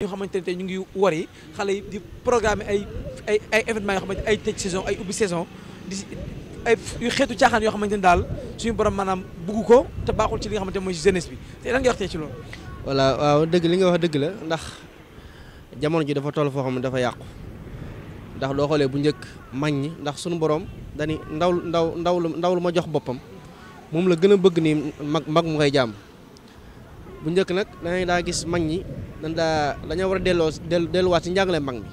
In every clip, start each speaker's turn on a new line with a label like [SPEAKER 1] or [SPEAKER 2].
[SPEAKER 1] ñoo xamante ne tey ñu ngi war yi xale yi di programme ay ay ay événement yoo xamante ay tëj saison ay ubbi saison di ay xeetu caaxaan yoo xamante ne daal suñu borom maanaam bugg ko te baaxul ci li nga xamante mooy jeunesse bi te lan nga wax tey ci loolu voilà waaw dëgg li nga wax dëgg la ndax jamono ji dafa toll foo xam ne dafa yàqu ndax doo xoolee bu njëkk mag ñi ndax suñu boroom dañi ndaw ndaw ndaw lu ndaw lu ma jox boppam moom la gën a bëgg ni mag mag mu koy jàmm bu njëkk nag danañ daa gis mag ñi dañ daa dañoo war a delloo delluwaat ci njàngale mag ñi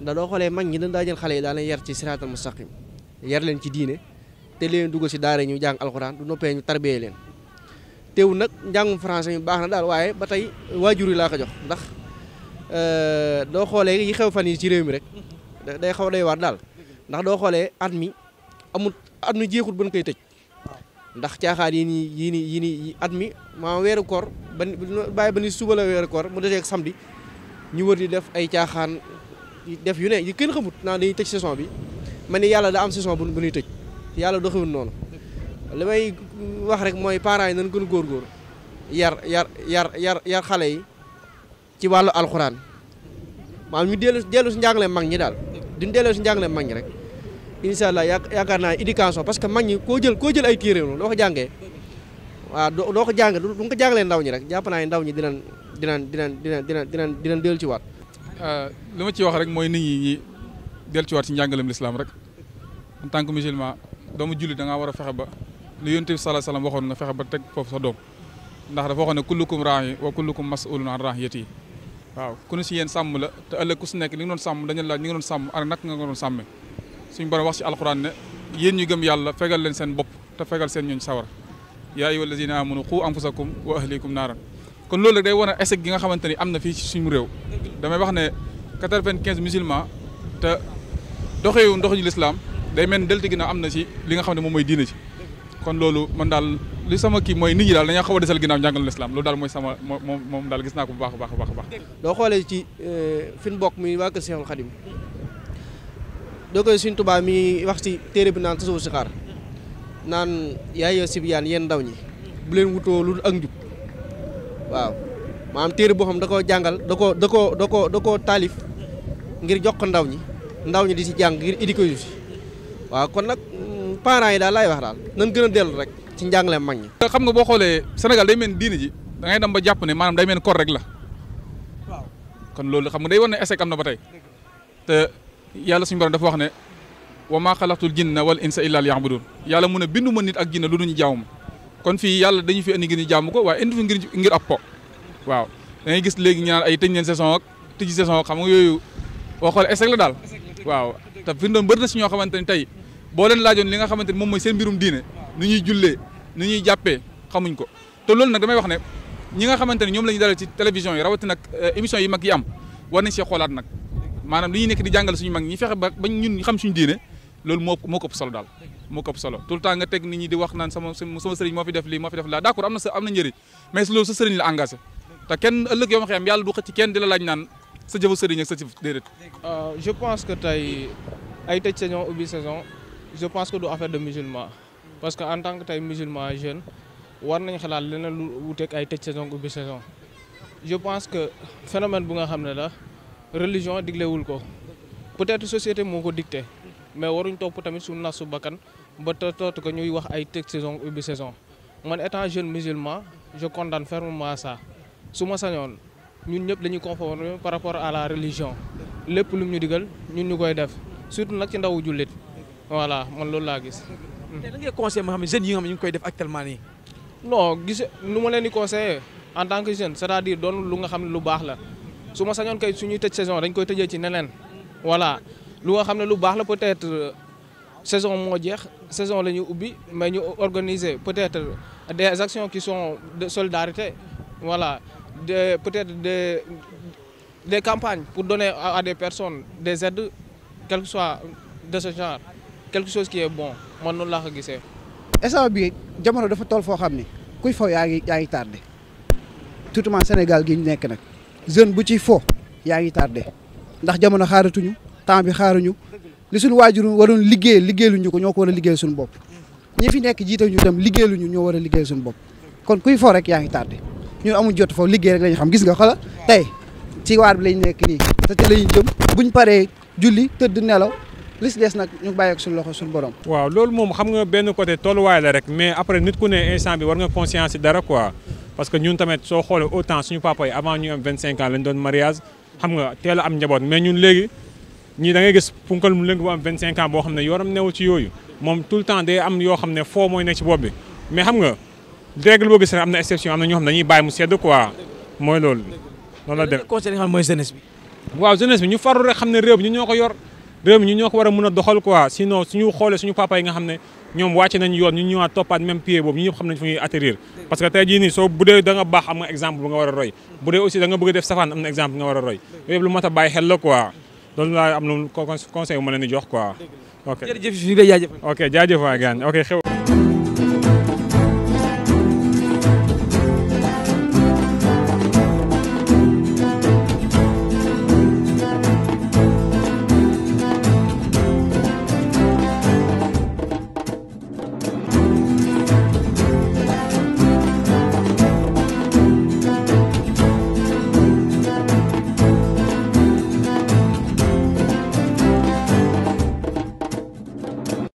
[SPEAKER 1] ndax doo xoolee mag ñi dañ daa jël xale yi daa leen yar ci siraatal mustaqim yar leen ci diine te leen dugg si daara ñu jàng alxuraan du noppee ñu tarbiyee leen teewul nag njàngum français mi baax na daal waaye ba tey waajur yi laa ko jox ndax euh, doo xoolee yi xew fan yi ci réew mi rek day xaw day waar daal ndax doo xoolee at mi amul at mi jeexul bën koy tëj ndax caaxaar yi nii yii nii yii nii at mi maa weeru koor ba bàyyi ba ni suba la mu desee ak samedi ñu wër di def ay caaxaan def yu ne yi kën xamut naa dañuy tëj saison bi ma ni yàlla da am saison bu ñuy tëj yàlla doxewul noonu li may wax rek mooy parent yi nañ gën góor góor yar yar yar yar yar xale yi ci wàllu alxuraan maa ñu dellu dellu si njàngale mag ñi daal duñ delloo si njàngale mag ñi rek incha allah yaakaar naa éducation parce que mag ñi koo jël koo jël ay téere noonu doo ko jàngee waaw doo ko jàng du nga ko jàngalee ndaw ñi rek jàpp naa ne ndaw ñi dinañ dinañ dinañ dinañ dinañ dinañ dinañ dellu ci waat
[SPEAKER 2] euh, li ma ciy wax rek mooy nit ñi ñi dellu ci waat ci njàngalem lislaam rek en tant que musulman doomu jullit da ngaa war a fexe ba li yonent bi sallallahu alayhi wasallam waxoon nga fexe ba teg foofu sa doom ndax dafa waxoon ne kullukum raahi wa kullukum mas'ulun an raahiyatihi waaw ku ne si yéen sàmm la te ëllëg ku si nekk li nga doon sàmm dañu nak nga doon sàmmee suñu borom wax ci alxuraan ne yéen ñu gëm yàlla fegal leen seen bopp te fegal seen ñooñ sawara yaa ayyuha allazina amanu qu anfusakum wa ahlikum naaran kon loolu rek day wane échec gi nga xamante ni am na fii ci suñu réew damay wax ne quatre-vingt-quinze musulmans te doxewu ndoxuñu lislaam day mel ni delti ginnaaw am na ci li nga xam ne moom mooy diina ci kon loolu man daal li sama kii mooy nit ñi daal dañoo xaw a desal ginnaaw njàngal lislaam loolu daal mooy sama moom moom daal gis naa ko bu baax a baax a baax.
[SPEAKER 1] xoolee ci euh, fi mu bokk muy waa Kër doo koy suñ tubaa mi wax ci téere bi naan tasawuf si xaar naan yaayoo sib yaan yéen ndaw ñi bu leen wutoo lu ak njub waaw maanaam téere boo xam da koo jàngal da koo da koo da koo da koo taalif ngir jox ndaw ñi ndaw ñi di si jàng ngir idi koy kon nag mm, parents yi daal laay wax daal nan gën a rek ci njàngale mag ñi xam
[SPEAKER 2] nga boo xoolee Sénégal day mel ni diine ji da ngay ba jàpp ne maanaam day mel ni rek la kon loolu xam nga day war ne échec am na ba tey te yalla suñ borom dafa wax ne wa maa xalaqtul jinna wal insa illa liya'budun yàlla mu ne bindu ma nit ak jinna lu duñu jaamu kon fii yàlla dañu fi indi ngir ñu jaamu ko waaye indi fi ngir ngir ab po waaw da ngay gis léegi ay tëj leen saison ak tëj saison xam nga yooyu boo xoolee échec la daal waaw te fi doon na si ñoo xamante ni tey boo leen laajoon li nga xamante ni moom mooy seen mbirum diine nu ñuy jullee nu ñuy jàppee xamuñ ko te loolu nag damay wax ne ñi nga xamante ne ñoom la ñu dalal ci télévision yi rawatina nag euh, émission yi mag yi am war nañ see xoolaat nag maanaam li ñu nekk di jàngal suñu mag ñi fexe ba bañ ñun xam suñu diine loolu moo moo solo daal moo ko solo tout le temps nga teg nit ñi di wax naan sama sama sëriñ moo fi def lii moo fi def laa d'accord am na njëriñ mais loolu sa sëriñ la engagé te kenn ëllëg yoo ma xam yàlla du xëcc kenn di la naan sa sëriñ ak sa jëf déedéet euh, je pense que tey ay tëj saison ubbi
[SPEAKER 3] saison je pense que du affaire de musulman parce que en tant que tey musulman jeune war nañ xalaat leneen lu wuteeg ay tëj saison je pense que phénomène bu nga xam ne la religion diglewul ko peut-être société moo ko dicté mais waruñ topp tamit suñu nasu bakkan ba tootu ko ñuy wax ay tëj saison ubbi saison man étant jeune musulman je condamne fermement ça su ma sañoon ñun ñëpp dañuy conformer par rapport à la religion lépp lu ñu digal ñun ñu koy def surtout nag ci ndawu jullit voilà man loolu laa gis. te lan ngay conseillé ma xam ne jeunes yi nga xam ne ñu ngi koy def actuellement ma leen di conseillé en tant que jeune c'est-à-dire doon lu nga xam ne lu baax la. su ma sañoon kay suñuy tëj saison dañ koy tëjee ci neneen voilà lu nga xam ne lu baax la peut-être euh, saison moo jeex saison la ñuy ubbi mais ñu organiser peut-être des actions qui son de solidarité voilà des peut-être des des campagnes pour donner à des personnes des aides quel que soit de ce genre quelque chose qui est bon man noonu la ko gisee.
[SPEAKER 1] instant bi jamono dafa toll foo xam ni kuy faw yaa ngi yaa ngi tardé surtout Sénégal gi nekk nag. jeune bu ci fo yaa ngi tardé ndax jamono xaaratuñu temps bi xaaruñu li suñu waajur waroon liggéey liggéeyaluñu ko ñoo ko war a liggéeyal suñu bopp ñi fi nekk jiite ñu tam liggéeyaluñu ñoo war a liggéeyal suñu bopp kon kuy fo rek yaa ngi tardé ñun amuñ jot foofu liggéey rek lañu xam gis nga xola tey ci waar bi lañ nekk nii te te lañu jëm buñ paree julli tëdd nelaw li si des nag ñu bàyyi
[SPEAKER 4] ko suñu loxo suñu borom. waaw loolu moom xam nga benn côté tolluwaay la rek mais après nit ku ne instant bi war nga conscience dara quoi. parce que ñun tamit soo xoolee autant suñu papa avant ñu am 25 ans lañ doon mariage xam nga teel a am njaboot mais ñun léegi ñii da ngay gis punkal mu lëng bu am 25 ans boo xam ne yoram newu ci yooyu moom tout le temps day am yoo xam ne foo mooy nekk ci bopp mais xam nga règle boo gis rek am na exception am na ñoo xam ne dañuy bàyyi mu sedd quoi mooy loolu. noonu la demee conseil nga xam mooy jeunesse bi. waaw jeunesse bi rek xam ne réew ñu ñoo ko yor. réew ñu ñoo ko war a mën a doxal quoi sinon suñu xoolee suñu papa yi nga xam ne ñoom wàcce nañu yoon ñu ñëwaat toppaat même pied boobu ñu ñëpp xam nañ fu ñuy atterrir parce que tey jii nii soo bu dee da baax am nga exemple bu nga war a roy bu dee aussi da nga def safaan am na exemple nga war a roy yooyu lu mat a bàyyi xel la quoi loolu laa am lu conseil bu ma leen jox quoi ok jërëjëf ok ok